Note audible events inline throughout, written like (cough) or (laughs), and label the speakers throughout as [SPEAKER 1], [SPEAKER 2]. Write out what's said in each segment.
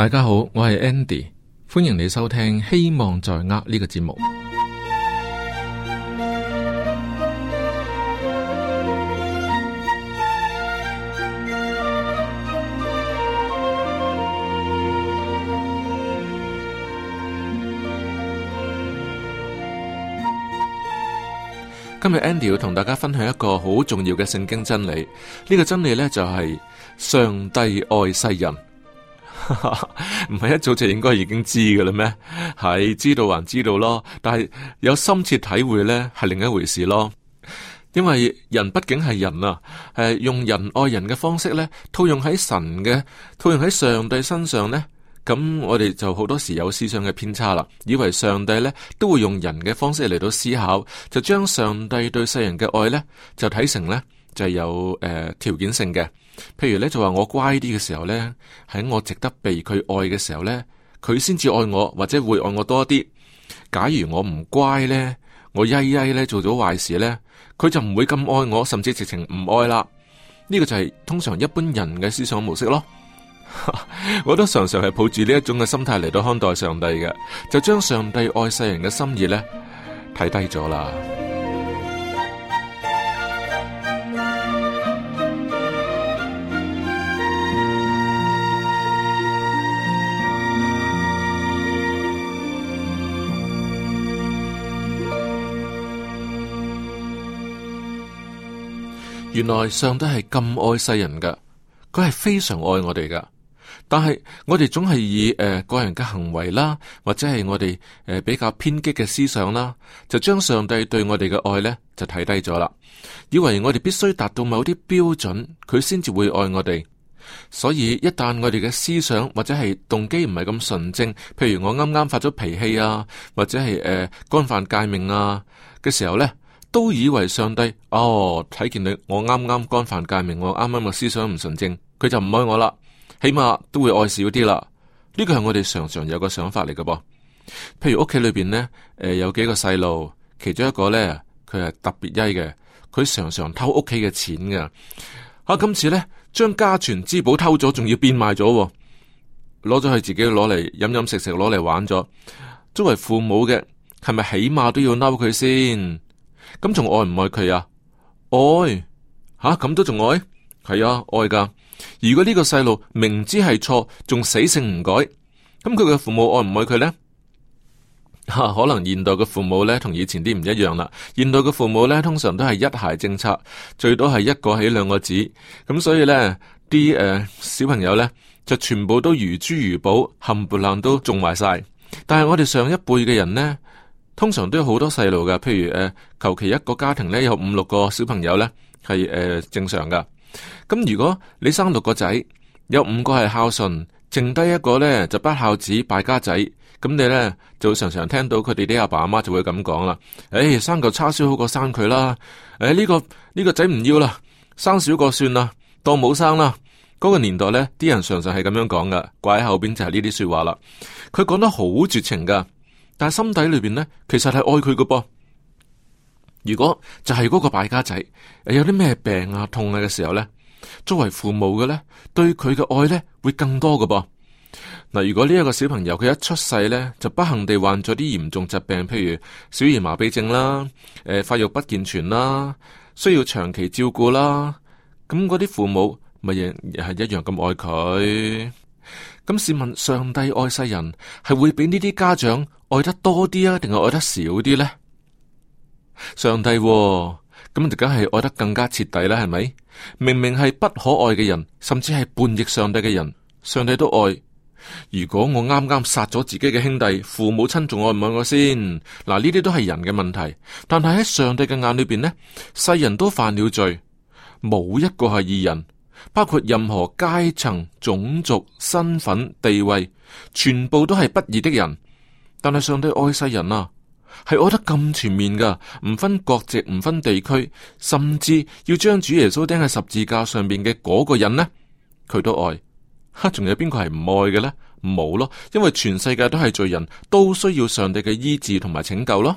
[SPEAKER 1] 大家好，我係 Andy，歡迎你收聽《希望在握》呢個節目。今日 Andy 要同大家分享一個好重要嘅聖經真理，呢個真理呢就係上帝愛世人。唔係 (laughs) 一早就應該已經知㗎喇咩？係知道還知道咯，但係有深切體會呢係另一回事咯。因為人畢竟係人啊，係用人愛人嘅方式呢，套用喺神嘅，套用喺上帝身上呢，咁我哋就好多時有思想嘅偏差啦。以為上帝呢都會用人嘅方式嚟到思考，就將上帝對世人嘅愛呢，就睇成呢。就有誒、呃、條件性嘅，譬如咧就話我乖啲嘅時候呢，喺我值得被佢愛嘅時候呢，佢先至愛我，或者會愛我多啲。假如我唔乖呢，我曳曳咧做咗壞事呢，佢就唔會咁愛我，甚至直情唔愛啦。呢、這個就係通常一般人嘅思想模式咯。 (laughs) 我都常常係抱住呢一種嘅心態嚟到看待上帝嘅，就將上帝愛世人嘅心意呢，睇低咗啦。原來上帝係咁愛世人噶佢係非常愛我哋噶但係我哋總係以誒、呃、個人嘅行為啦，或者係我哋誒、呃、比較偏激嘅思想啦，就將上帝對我哋嘅愛呢就睇低咗啦。以為我哋必須達到某啲標準，佢先至會愛我哋。所以一旦我哋嘅思想或者係動機唔係咁純正，譬如我啱啱發咗脾氣啊，或者係誒、呃、干犯誡命啊嘅時候呢。都以為上帝哦睇見你，我啱啱干犯誡命，我啱啱個思想唔純正，佢就唔愛我啦。起碼都會愛少啲啦。呢個係我哋常常有個想法嚟嘅噃。譬如屋企裏邊呢，誒、呃、有幾個細路，其中一個呢，佢係特別曳嘅，佢常常偷屋企嘅錢㗎。啊，今次呢，將家傳之寶偷咗，仲要變賣咗，攞咗去自己攞嚟飲飲食食，攞嚟玩咗。作為父母嘅係咪起碼都要嬲佢先？咁仲愛唔愛佢啊,啊？愛吓咁都仲愛？係啊，愛噶。如果呢個細路明知係錯，仲死性唔改，咁佢嘅父母愛唔愛佢呢？吓、啊，可能現代嘅父母呢，同以前啲唔一樣啦。現代嘅父母呢，通常都係一孩政策，最多係一個起兩個止。咁所以呢，啲誒、呃、小朋友呢，就全部都如珠如寶，冚唪唥都種埋晒。但係我哋上一輩嘅人呢。通常都有好多細路噶，譬如誒，求、呃、其一個家庭咧有五六個小朋友咧係誒正常噶。咁、嗯、如果你生六個仔，有五個係孝順，剩低一個咧就不孝子敗家仔，咁、嗯、你咧就常常聽到佢哋啲阿爸阿媽就會咁講啦。誒、哎，生個叉燒好過生佢啦。誒、哎、呢、這個呢、這個仔唔要啦，生少個算啦，當冇生啦。嗰、那個年代咧，啲人常常係咁樣講噶，掛喺後邊就係呢啲說話啦。佢講得好絕情噶。但係心底裏邊呢，其實係愛佢嘅噃。如果就係嗰個敗家仔，有啲咩病啊、痛啊嘅時候呢，作為父母嘅呢，對佢嘅愛呢，會更多嘅噃。嗱，如果呢一個小朋友佢一出世呢，就不幸地患咗啲嚴重疾病，譬如小兒麻痹症啦、誒、呃、發育不健全啦，需要長期照顧啦，咁嗰啲父母咪亦係一樣咁愛佢。咁試問，上帝愛世人係會俾呢啲家長？愛得多啲啊，定係愛得少啲呢？上帝咁就梗係愛得更加徹底啦，係咪？明明係不可愛嘅人，甚至係叛逆上帝嘅人，上帝都愛。如果我啱啱殺咗自己嘅兄弟、父母親，仲愛唔愛我先？嗱，呢啲都係人嘅問題，但係喺上帝嘅眼裏邊呢，世人都犯了罪，冇一個係義人，包括任何階層、種族、身份、地位，全部都係不義的人。但係上帝愛世人啊，係愛得咁全面噶，唔分國籍，唔分地區，甚至要將主耶穌釘喺十字架上面嘅嗰個人呢，佢都愛。吓，仲有邊個係唔愛嘅呢？冇咯，因為全世界都係罪人，都需要上帝嘅醫治同埋拯救咯。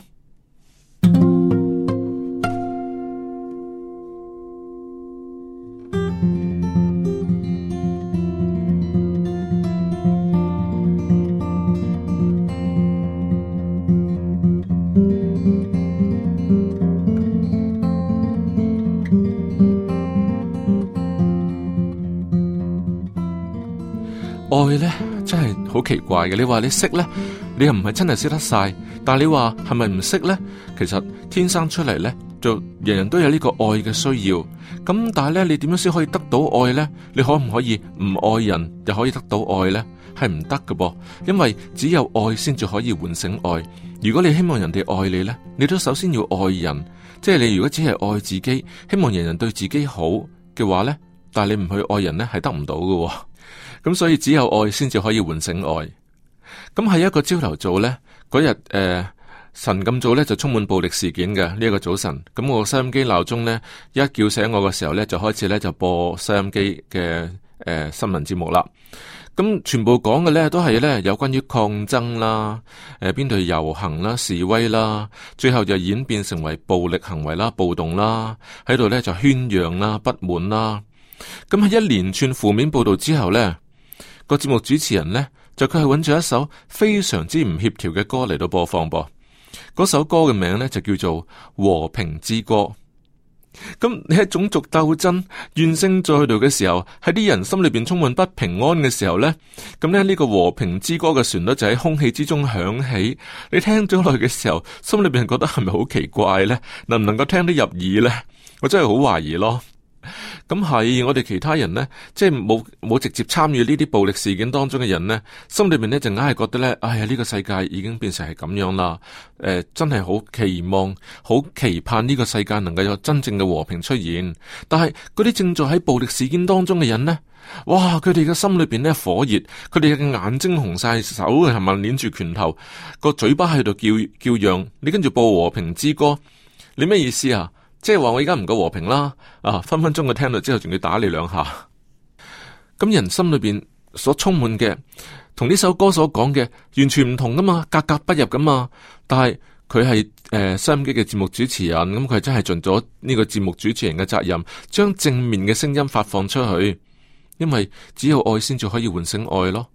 [SPEAKER 1] 愛呢真係好奇怪嘅，你話你識呢，你又唔係真係識得晒，但係你話係咪唔識呢？其實天生出嚟呢，就人人都有呢個愛嘅需要。咁但係咧，你點樣先可以得到愛呢？你可唔可以唔愛人又可以得到愛呢？係唔得㗎噃，因為只有愛先至可以喚醒愛。如果你希望人哋愛你呢，你都首先要愛人，即係你如果只係愛自己，希望人人對自己好嘅話呢，但係你唔去愛人呢，係得唔到嘅。咁所以只有愛先至可以喚醒愛。咁係一個朝頭早呢，嗰日誒神咁早呢，就充滿暴力事件嘅呢一個早晨。咁我收音機鬧鐘呢，一叫醒我嘅時候呢，就開始呢，就播收音機嘅誒新聞節目啦。咁全部講嘅呢，都係呢，有關於抗爭啦，誒邊度遊行啦示威啦，最後就演變成為暴力行為啦暴動啦，喺度呢，就宣揚啦不滿啦。咁喺一連串負面報道之後呢。個節目主持人呢，就佢係揾咗一首非常之唔協調嘅歌嚟到播放噃，嗰首歌嘅名呢，就叫做《和平之歌》。咁你喺種族鬥爭怨聲載道嘅時候，喺啲人心裏邊充滿不平安嘅時候呢，咁咧呢、呢個和平之歌嘅旋律就喺空氣之中響起。你聽咗落去嘅時候，心裏邊覺得係咪好奇怪呢？能唔能夠聽得入耳呢？我真係好懷疑咯。咁係、嗯、我哋其他人呢，即係冇冇直接參與呢啲暴力事件當中嘅人呢，心裏面呢就硬係覺得呢，哎呀呢、呢個世界已經變成係咁樣啦，誒、呃、真係好期望、好期盼呢個世界能夠有真正嘅和平出現。但係嗰啲正在喺暴力事件當中嘅人呢，哇佢哋嘅心裏邊呢，火熱，佢哋嘅眼睛紅晒，手係咪捻住拳頭，個嘴巴喺度叫叫嚷，你跟住播和平之歌，你咩意思啊？即係話我而家唔夠和平啦，啊分分鐘佢聽到之後仲要打你兩下。咁 (laughs) 人心裏邊所充滿嘅，同呢首歌所講嘅完全唔同噶嘛，格格不入噶嘛。但係佢係誒收音機嘅節目主持人，咁、嗯、佢真係盡咗呢個節目主持人嘅責任，將正面嘅聲音發放出去。因為只有愛先至可以喚醒愛咯。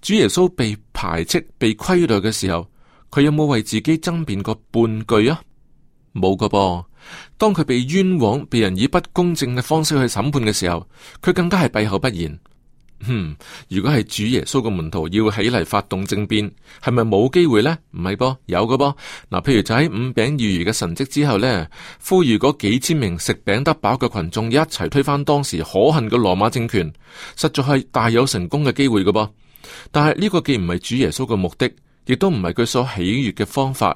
[SPEAKER 1] 主耶穌被排斥、被虧待嘅時候，佢有冇為自己爭辯過半句啊？冇㗎噃。當佢被冤枉，被人以不公正嘅方式去審判嘅時候，佢更加係閉口不言。哼、嗯，如果係主耶穌嘅門徒要起嚟發動政變，係咪冇機會呢？唔係噃，有㗎噃。嗱，譬如就喺五餅二魚嘅神蹟之後呢，呼籲嗰幾千名食餅得飽嘅群眾一齊推翻當時可恨嘅羅馬政權，實在係大有成功嘅機會嘅噃。但係呢個既唔係主耶穌嘅目的，亦都唔係佢所喜悦嘅方法。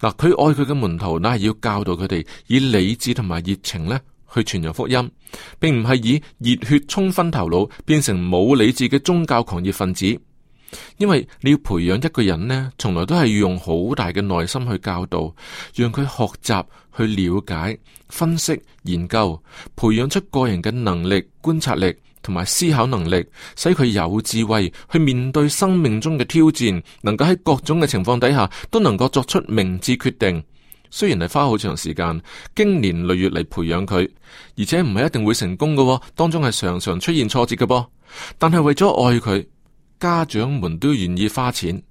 [SPEAKER 1] 嗱，佢愛佢嘅門徒呢，乃係要教導佢哋以理智同埋熱情呢去傳揚福音，並唔係以熱血沖昏頭腦，變成冇理智嘅宗教狂熱分子。因為你要培養一個人呢，從來都係要用好大嘅耐心去教導，讓佢學習、去了解、分析、研究，培養出個人嘅能力、觀察力。同埋思考能力，使佢有智慧去面對生命中嘅挑戰，能夠喺各種嘅情況底下都能夠作出明智決定。雖然係花好長時間，經年累月嚟培養佢，而且唔係一定會成功嘅，當中係常常出現挫折嘅噃，但係為咗愛佢，家長們都願意花錢。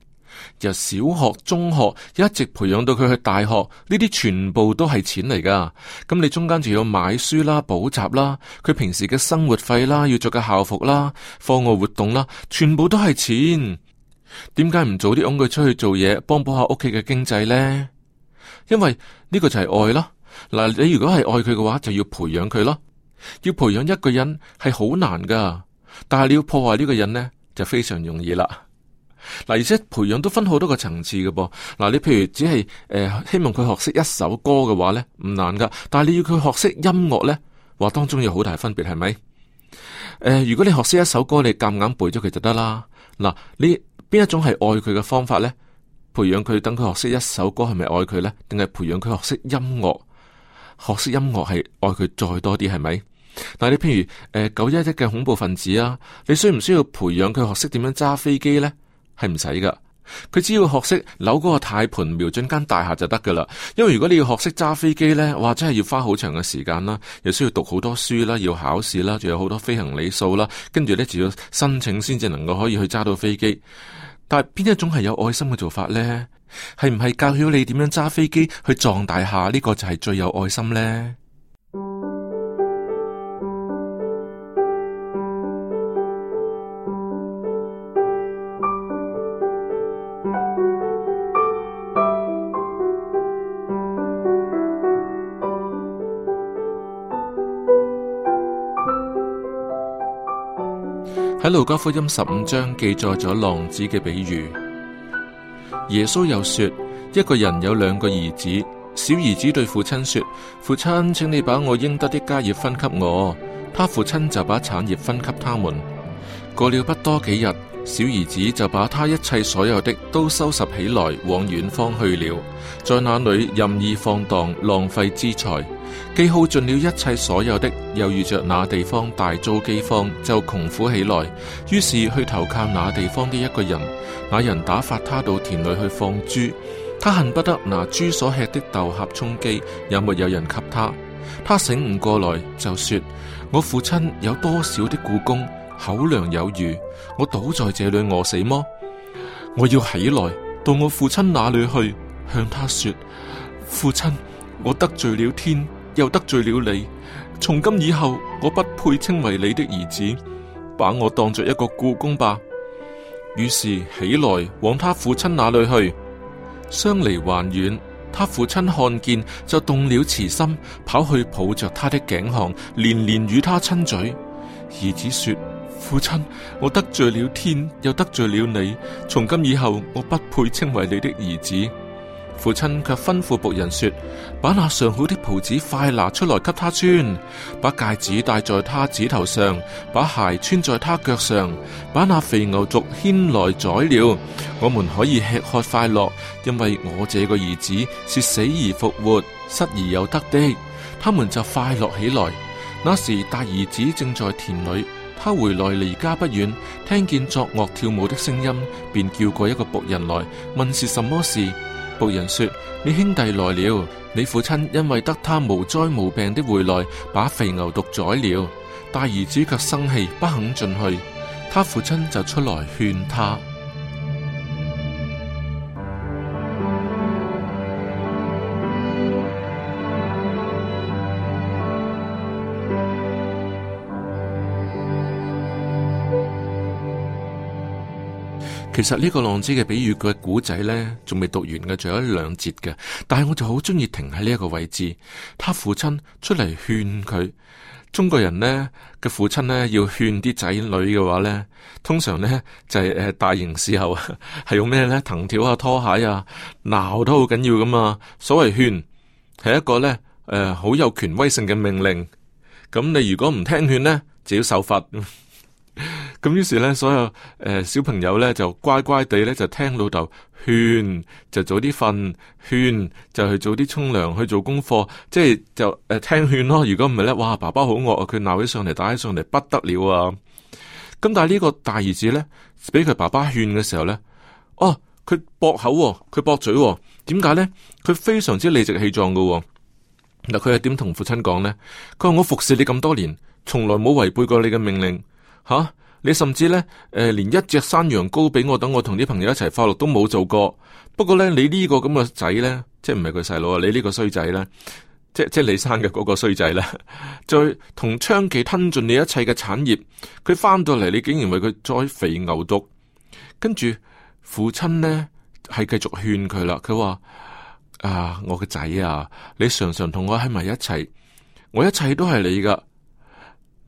[SPEAKER 1] 由小學、中學一直培養到佢去大學，呢啲全部都係錢嚟噶。咁你中間仲要買書啦、補習啦，佢平時嘅生活費啦，要着嘅校服啦、課外活動啦，全部都係錢。點解唔早啲幫佢出去做嘢，幫補下屋企嘅經濟呢？因為呢個就係愛啦。嗱，你如果係愛佢嘅話，就要培養佢咯。要培養一個人係好難噶，但係你要破壞呢個人呢，就非常容易啦。嗱，而且培養都分好多個層次嘅噃。嗱、啊，你譬如只係誒、呃、希望佢學識一首歌嘅話呢，唔難噶。但係你要佢學識音樂呢，話當中有好大分別係咪？誒、呃，如果你學識一首歌，你啱啱背咗佢就得啦。嗱、啊，你邊一種係愛佢嘅方法呢？培養佢等佢學識一首歌係咪愛佢呢？定係培養佢學識音樂？學識音樂係愛佢再多啲係咪？嗱、啊，你譬如誒、呃、九一一嘅恐怖分子啊，你需唔需要培養佢學識點樣揸飛機呢？係唔使噶，佢只要學識扭嗰個軚盤，瞄準間大廈就得噶啦。因為如果你要學識揸飛機呢，哇，真係要花好長嘅時間啦，又需要讀好多書啦，要考試啦，仲有好多飛行李數啦，跟住呢，就要申請先至能夠可以去揸到飛機。但係邊一種係有愛心嘅做法呢？係唔係教曉你點樣揸飛機去撞大廈呢，這個就係最有愛心呢？喺《路加福音》十五章記載咗浪子嘅比喻。耶穌又說：一個人有兩個兒子，小兒子對父親說：父親，請你把我應得的家業分給我。他父親就把產業分給他們。過了不多幾日，小兒子就把他一切所有的都收拾起來，往遠方去了，在那裏任意放蕩，浪費資財。既耗盡了一切所有的，又遇着那地方大遭饑荒，就窮苦起來。於是去投靠那地方的一個人，那人打發他到田裏去放豬。他恨不得拿豬所吃的豆莢充饑，也沒有人給他。他醒悟過來，就說：我父親有多少的雇工，口糧有餘，我倒在這裏餓死麼？我要起來到我父親那裏去，向他說：父親，我得罪了天。又得罪了你，從今以後我不配稱為你的兒子，把我當作一個僱工吧。於是起來往他父親那裏去，相離還遠，他父親看見就動了慈心，跑去抱着他的頸項，連連與他親嘴。兒子說：父親，我得罪了天，又得罪了你，從今以後我不配稱為你的兒子。父親卻吩咐僕人說：把那上好的袍子快拿出來給他穿，把戒指戴在他指頭上，把鞋穿在他腳上，把那肥牛犢牽來宰了，我們可以吃喝快樂。因為我這個兒子是死而復活、失而又得的，他們就快樂起來。那時大兒子正在田裏，他回來離家不遠，聽見作樂跳舞的聲音，便叫過一個僕人來問是什麼事。僕人說：你兄弟來了，你父親因為得他無災無病的回來，把肥牛犢宰了。大兒子卻生氣，不肯進去。他父親就出來勸他。其實呢個浪子嘅比喻佢嘅古仔咧，仲未讀完嘅，仲有一兩節嘅。但係我就好中意停喺呢一個位置。他父親出嚟勸佢，中國人呢，嘅父親呢要勸啲仔女嘅話咧，通常咧就係、是、誒、呃、大刑伺候係用咩咧？藤條啊、拖鞋啊，鬧都好緊要噶嘛。所謂勸，係一個咧誒好有權威性嘅命令。咁你如果唔聽勸呢，就要受罰。 (laughs) 咁於是咧，所有誒、呃、小朋友咧就乖乖地咧就聽老豆勸，就早啲瞓，勸就去早啲沖涼，去做功課，即係就誒、呃、聽勸咯。如果唔係咧，哇，爸爸好惡啊！佢鬧起上嚟，打起上嚟不得了啊！咁但係呢個大兒子咧，俾佢爸爸勸嘅時候咧，啊、哦，佢駁口喎，佢駁嘴喎，點解咧？佢非常之理直氣壯噶。嗱，佢係點同父親講咧？佢話我服侍你咁多年，從來冇違背過你嘅命令，吓、啊。你甚至咧，誒、呃，連一隻山羊羔俾我，等我同啲朋友一齊快樂都冇做過。不過咧，你這個這呢個咁嘅仔咧，即係唔係佢細佬啊？你個呢個衰仔咧，即係即係你生嘅嗰個衰仔咧，再同娼妓吞盡你一切嘅產業，佢翻到嚟，你竟然為佢宰肥牛犢。跟住父親咧係繼續勸佢啦。佢話：啊，我嘅仔啊，你常常同我喺埋一齊，我一切都係你噶。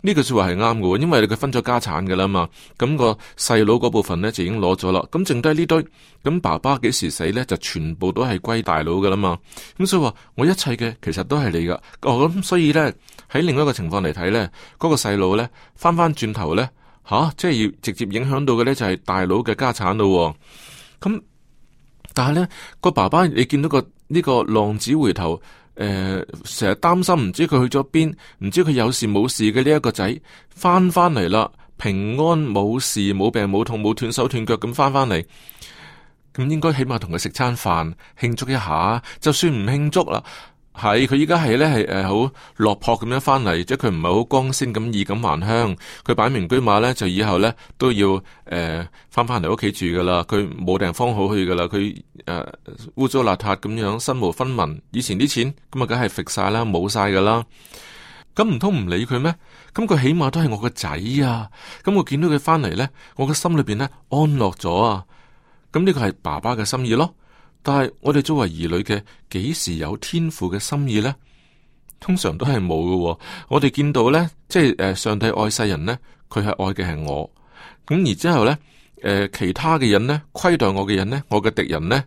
[SPEAKER 1] 呢句說話係啱嘅，因為佢分咗家產嘅啦嘛，咁個細佬嗰部分呢，就已經攞咗啦，咁剩低呢堆，咁爸爸幾時死呢？就全部都係歸大佬嘅啦嘛，咁所以話我一切嘅其實都係你噶。哦，咁所以呢，喺另一個情況嚟睇呢，嗰個細佬呢，翻翻轉頭呢，吓，即係要直接影響到嘅呢，就係大佬嘅家產咯，咁但係呢，個爸爸你見到個呢個浪子回頭。誒，成日擔心唔知佢去咗邊，唔知佢有事冇事嘅呢一個仔翻返嚟啦，平安冇事冇病冇痛冇斷手斷腳咁翻返嚟，咁應該起碼同佢食餐飯慶祝一下，就算唔慶祝啦。係佢依家係咧，係誒好落魄咁樣翻嚟，即係佢唔係好光鮮咁衣錦還鄉。佢擺明居馬咧，就以後咧都要誒翻翻嚟屋企住噶啦。佢冇地方好去噶啦，佢誒污糟邋遢咁樣，身無分文。以前啲錢咁啊，梗係蝕晒啦，冇晒噶啦。咁唔通唔理佢咩？咁佢起碼都係我個仔啊！咁我見到佢翻嚟咧，我個心裏邊咧安樂咗啊！咁呢個係爸爸嘅心意咯。但係我哋作為兒女嘅，幾時有天父嘅心意呢？通常都係冇嘅。我哋見到呢，即係上帝愛世人呢，佢係愛嘅係我。咁而之後呢，呃、其他嘅人呢，虧待我嘅人呢，我嘅敵人呢，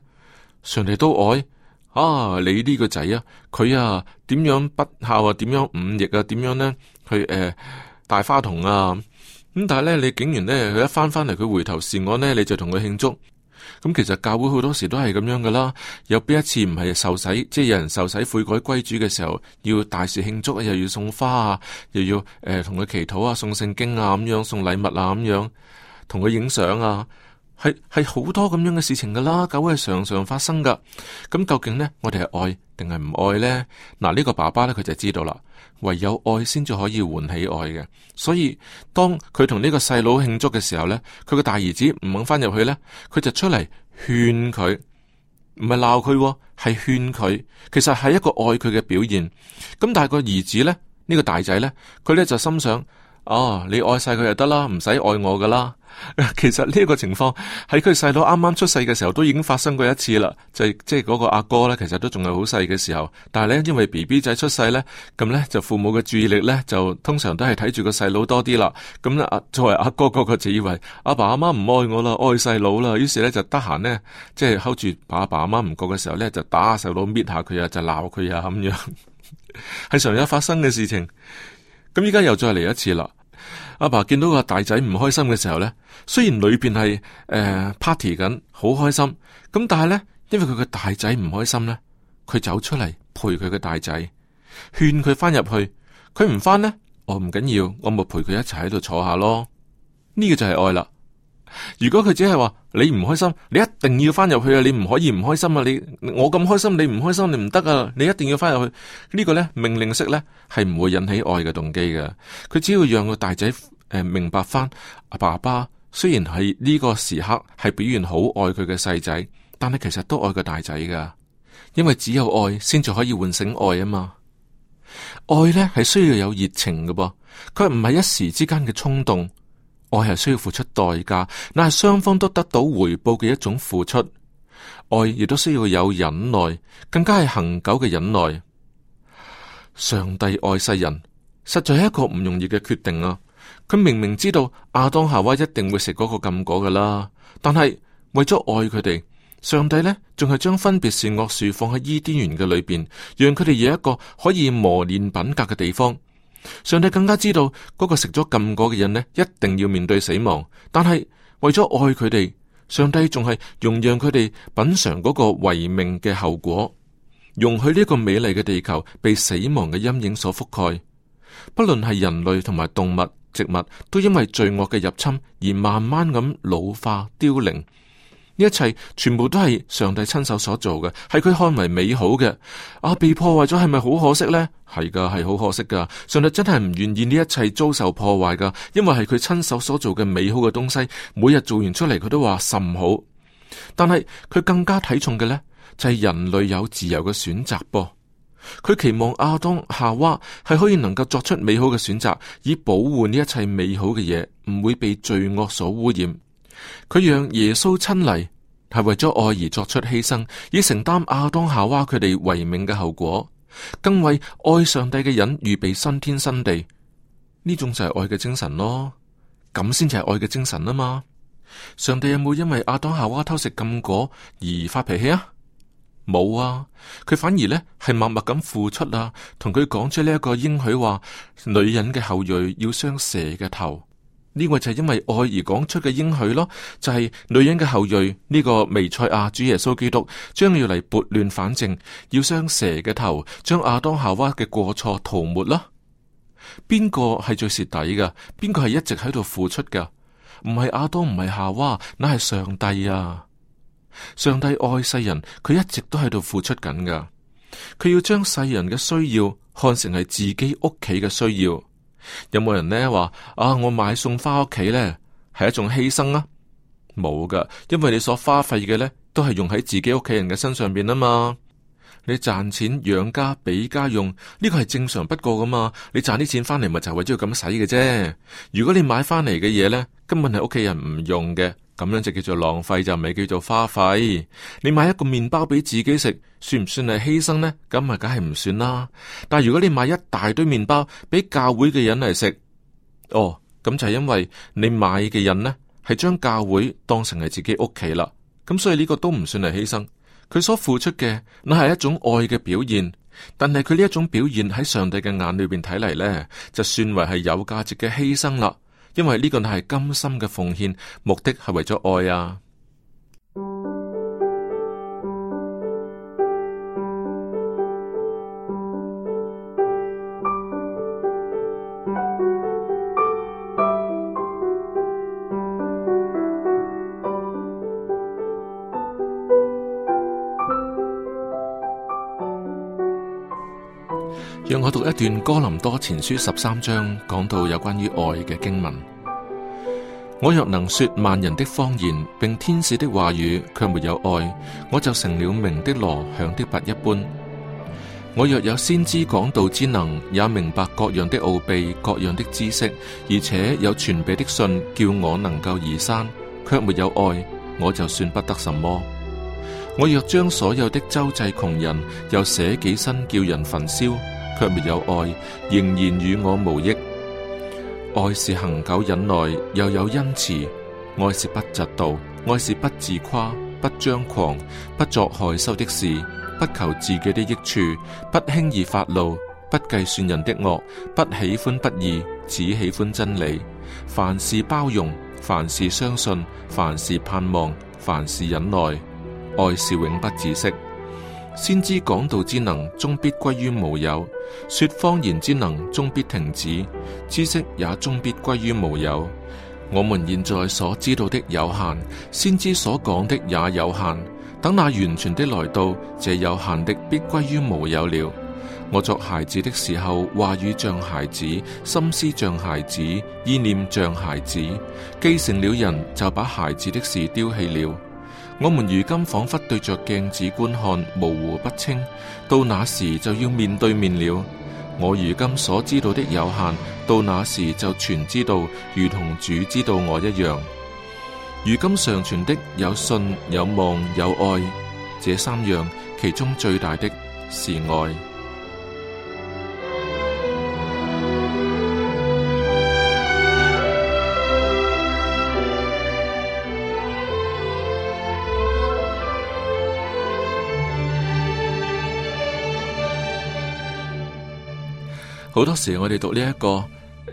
[SPEAKER 1] 上帝都愛。啊，你呢個仔啊，佢啊，點樣不孝啊，點樣忤逆啊，點樣呢？佢誒、呃、大花童啊，咁但係呢，你竟然呢，佢一翻翻嚟，佢回頭是岸呢，你就同佢慶祝。咁其實教會好多時都係咁樣噶啦，有邊一次唔係受洗，即係有人受洗悔改歸主嘅時候，要大肆慶祝啊，又要送花啊，又要誒同佢祈禱啊，送聖經啊咁樣，送禮物啊咁樣，同佢影相啊。係係好多咁樣嘅事情噶啦，狗係常常發生噶。咁究竟呢？我哋係愛定係唔愛呢？嗱，呢個爸爸呢，佢就知道啦。唯有愛先至可以喚起愛嘅。所以當佢同呢個細佬慶祝嘅時候呢，佢個大兒子唔肯翻入去呢，佢就出嚟勸佢，唔係鬧佢，係勸佢。其實係一個愛佢嘅表現。咁但係個兒子呢，呢個大仔呢，佢呢就心想。哦，你愛晒佢就得啦，唔使愛我㗎啦。其實呢個情況喺佢細佬啱啱出世嘅時候都已經發生過一次啦。就即係嗰個阿哥咧，其實都仲係好細嘅時候，但係咧因為 BB 仔出世咧，咁咧就父母嘅注意力咧就通常都係睇住個細佬多啲啦。咁、嗯、咧作為阿哥哥嘅就以為阿爸阿媽唔愛我啦，愛細佬啦。於是咧就得閒呢，即係 hold 住，怕、就、阿、是、爸阿媽唔覺嘅時候咧，就打細佬、搣下佢啊，就鬧佢啊咁樣，係 (laughs) 常有發生嘅事情。咁依家又再嚟一次啦！阿爸見到個大仔唔開心嘅時候咧，雖然裏邊係誒 party 緊，好開心，咁但係咧，因為佢個大仔唔開心咧，佢走出嚟陪佢個大仔，勸佢翻入去，佢唔翻咧，我唔緊要，我咪陪佢一齊喺度坐下咯。呢個就係愛啦。如果佢只係話你唔開心，你一定要翻入去啊！你唔可以唔開心啊！你我咁開心，你唔開心你唔得啊！你一定要翻入去，這個、呢個咧命令式呢，係唔會引起愛嘅動機嘅。佢只要讓個大仔誒明白翻，爸爸雖然係呢個時刻係表現好愛佢嘅細仔，但係其實都愛個大仔噶，因為只有愛先至可以喚醒愛啊嘛。愛呢係需要有熱情噶噃，佢唔係一時之間嘅衝動。.愛係需要付出代價，但係雙方都得到回報嘅一種付出。愛亦都需要有忍耐，更加係恆久嘅忍耐。上帝愛世人，實在係一個唔容易嘅決定啊！佢明明知道亞當夏娃一定會食嗰個禁果噶啦，但係為咗愛佢哋，上帝呢仲係將分別善惡樹放喺伊甸園嘅裏邊，讓佢哋有一個可以磨練品格嘅地方。上帝更加知道嗰個食咗禁果嘅人呢，一定要面對死亡。但係為咗愛佢哋，上帝仲係容讓佢哋品嘗嗰個違命嘅後果，容許呢個美麗嘅地球被死亡嘅陰影所覆蓋。不論係人類同埋動物、植物，都因為罪惡嘅入侵而慢慢咁老化、凋零。一切全部都係上帝親手所做嘅，係佢看為美好嘅。啊，被破壞咗係咪好可惜呢？係噶，係好可惜噶。上帝真係唔願意呢一切遭受破壞噶，因為係佢親手所做嘅美好嘅東西。每日做完出嚟，佢都話甚好。但係佢更加睇重嘅，呢就係人類有自由嘅選擇噃。佢期望阿當夏娃係可以能夠作出美好嘅選擇，以保護呢一切美好嘅嘢，唔會被罪惡所污染。佢讓耶穌親嚟，係為咗愛而作出犧牲，以承擔亞當夏娃佢哋違命嘅後果，更為愛上帝嘅人預備新天新地。呢種就係愛嘅精神咯，咁先至係愛嘅精神吖嘛。上帝有冇因為亞當夏娃偷食禁果而發脾氣啊？冇啊，佢反而呢係默默咁付出啊，同佢講出呢一個應許話，女人嘅後裔要傷蛇嘅頭。呢個就係因為愛而講出嘅應許咯，就係女人嘅後裔呢個彌賽亞主耶穌基督將要嚟撥亂反正，要將蛇嘅頭，將亞當夏娃嘅過錯塗抹啦。邊個係最蝕底嘅？邊個係一直喺度付出嘅？唔係亞當，唔係夏娃，乃係上帝啊！上帝愛世人，佢一直都喺度付出緊噶，佢要將世人嘅需要看成係自己屋企嘅需要。有冇人咧話啊？我買送返屋企咧係一種犧牲啊？冇噶，因為你所花費嘅咧都係用喺自己屋企人嘅身上邊啊嘛。你賺錢養家俾家用，呢個係正常不過噶嘛？你賺啲錢翻嚟，咪就係為咗要咁使嘅啫。如果你買翻嚟嘅嘢呢，根本係屋企人唔用嘅，咁樣就叫做浪費，就咪叫做花費。你買一個麵包俾自己食，算唔算係犧牲呢？咁咪梗係唔算啦。但係如果你買一大堆麵包俾教會嘅人嚟食，哦，咁就係因為你買嘅人呢，係將教會當成係自己屋企啦，咁所以呢個都唔算係犧牲。佢所付出嘅，那係一種愛嘅表現，但係佢呢一種表現喺上帝嘅眼裏邊睇嚟呢，就算為係有價值嘅犧牲啦，因為呢個係甘心嘅奉獻，目的係為咗愛啊。讓我讀一段《哥林多前書》十三章，講到有關於愛嘅經文。我若能說萬人的方言，並天使的話語，卻沒有愛，我就成了鳴的鑼，響的鈸一般。我若有先知講道之能，也明白各樣的奧秘、各樣的知識，而且有全備的信，叫我能夠移山，卻沒有愛，我就算不得什麼。我若將所有的周濟窮人，又捨己身叫人焚燒，卻沒有愛，仍然與我無益。愛是恆久忍耐，又有恩慈；愛是不嫉妒，愛是不自誇，不張狂，不作害羞的事，不求自己的益處，不輕易發怒，不計算人的惡，不喜歡不義，只喜歡真理。凡事包容，凡事相信，凡事盼望，凡事忍耐。愛是永不止息。先知講道之能，終必歸於無有；說方言之能，終必停止；知識也終必歸於無有。我們現在所知道的有限，先知所講的也有限。等那完全的來到，這有限的必歸於無有了。我作孩子的時候，話語像孩子，心思像孩子，意念像孩子；既成了人，就把孩子的事丟棄了。我們如今仿佛對着鏡子觀看，模糊不清。到那時就要面對面了。我如今所知道的有限，到那時就全知道，如同主知道我一樣。如今常存的有信、有望、有愛，這三樣，其中最大的是愛。好多時我哋讀呢、這、一個誒、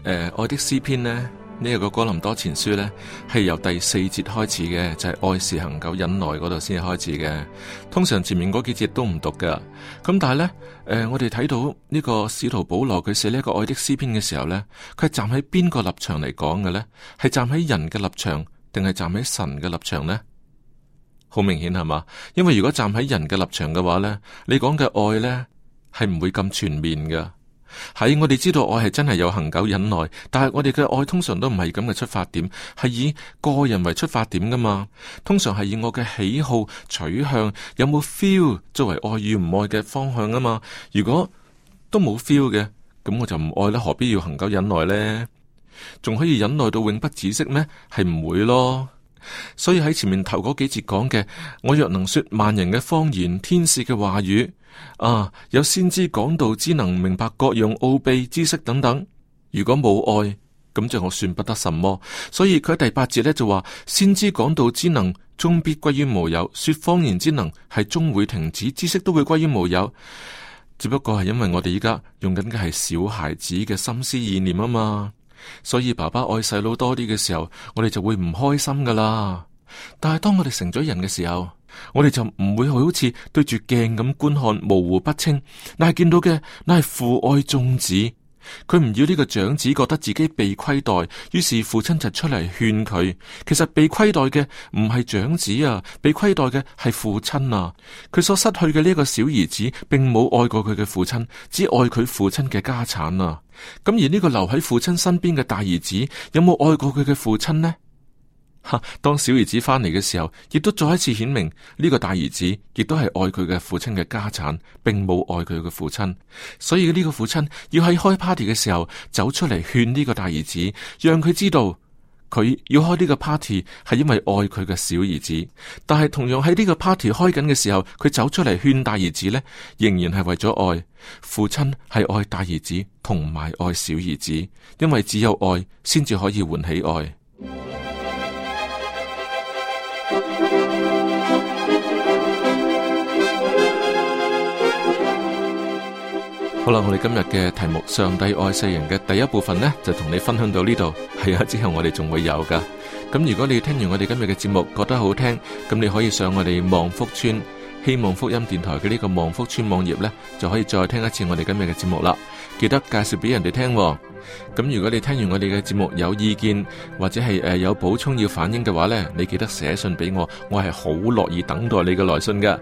[SPEAKER 1] 呃、愛的詩篇咧，呢、這個哥林多前書咧，係由第四節開始嘅，就係、是、愛是恒久忍耐嗰度先開始嘅。通常前面嗰幾節都唔讀噶。咁但係咧，誒、呃、我哋睇到呢個使徒保羅佢寫呢一個愛的詩篇嘅時候咧，佢係站喺邊個立場嚟講嘅咧？係站喺人嘅立場，定係站喺神嘅立場咧？好明顯係嘛？因為如果站喺人嘅立場嘅話咧，你講嘅愛咧係唔會咁全面噶。係我哋知道愛係真係有恆久忍耐，但係我哋嘅愛通常都唔係咁嘅出發點，係以個人為出發點噶嘛。通常係以我嘅喜好取向有冇 feel 作為愛與唔愛嘅方向啊嘛。如果都冇 feel 嘅，咁我就唔愛咧，何必要恆久忍耐呢？仲可以忍耐到永不止息咩？係唔會咯。所以喺前面頭嗰幾節講嘅，我若能說萬人嘅方言，天使嘅話語啊，有先知講道之能，明白各樣奧祕知識等等。如果冇愛，咁就我算不得什麼。所以佢喺第八節呢就話，先知講道之能終必歸於無有，說方言之能係終會停止，知識都會歸於無有。只不過係因為我哋依家用緊嘅係小孩子嘅心思意念啊嘛。所以爸爸愛細佬多啲嘅時候，我哋就會唔開心噶啦。但係當我哋成咗人嘅時候，我哋就唔會好似對住鏡咁觀看模糊不清，但係見到嘅，乃係父愛種子。佢唔要呢個長子覺得自己被虧待，於是父親就出嚟勸佢。其實被虧待嘅唔係長子啊，被虧待嘅係父親啊。佢所失去嘅呢個小兒子，並冇愛過佢嘅父親，只愛佢父親嘅家產啊。咁而呢個留喺父親身邊嘅大兒子，有冇愛過佢嘅父親呢？哈！當小兒子返嚟嘅時候，亦都再一次顯明，呢個大兒子亦都係愛佢嘅父親嘅家產，並冇愛佢嘅父親。所以呢個父親要喺開 party 嘅時候走出嚟勸呢個大兒子，讓佢知道佢要開呢個 party 係因為愛佢嘅小兒子。但係同樣喺呢個 party 開緊嘅時候，佢走出嚟勸大兒子呢，仍然係為咗愛。父親係愛大兒子同埋愛小兒子，因為只有愛先至可以喚起愛。好啦，我哋今日嘅題目《上帝愛世人》嘅第一部分呢，就同你分享到呢度。係啊，之後我哋仲會有噶。咁如果你聽完我哋今日嘅節目覺得好聽，咁你可以上我哋望福村希望福音電台嘅呢個望福村網頁呢，就可以再聽一次我哋今日嘅節目啦。記得介紹俾人哋聽。咁如果你聽完我哋嘅節目有意見或者係誒、呃、有補充要反映嘅話呢，你記得寫信俾我，我係好樂意等待你嘅來信噶。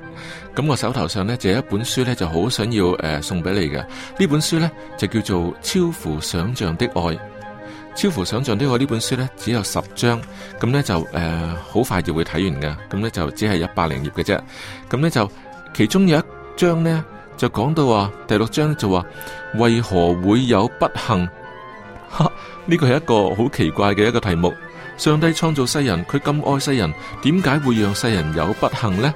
[SPEAKER 1] 咁我手頭上呢就有一本書呢，就好想要誒、呃、送俾你嘅。呢本書呢，就叫做超乎想象的愛。超乎想象的愛呢本書呢，只有十章，咁呢就誒好、呃、快就會睇完噶。咁呢，就只係一百零頁嘅啫。咁呢，就其中有一章呢，就講到話第六章就話為何會有不幸？哈！呢個係一個好奇怪嘅一個題目。上帝創造世人，佢咁愛世人，點解會讓世人有不幸呢？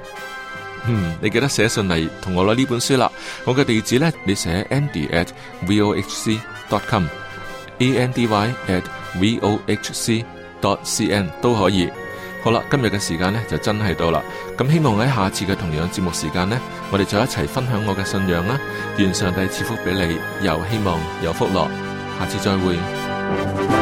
[SPEAKER 1] 嗯，你記得寫信嚟同我攞呢本書啦。我嘅地址咧，你寫 andy at vohc dot com，andy at vohc dot cn 都可以。好啦，今日嘅時間咧就真係到啦。咁希望喺下次嘅同樣節目時間呢，我哋就一齊分享我嘅信仰啦。願上帝賜福俾你，又希望有福樂。下次再會。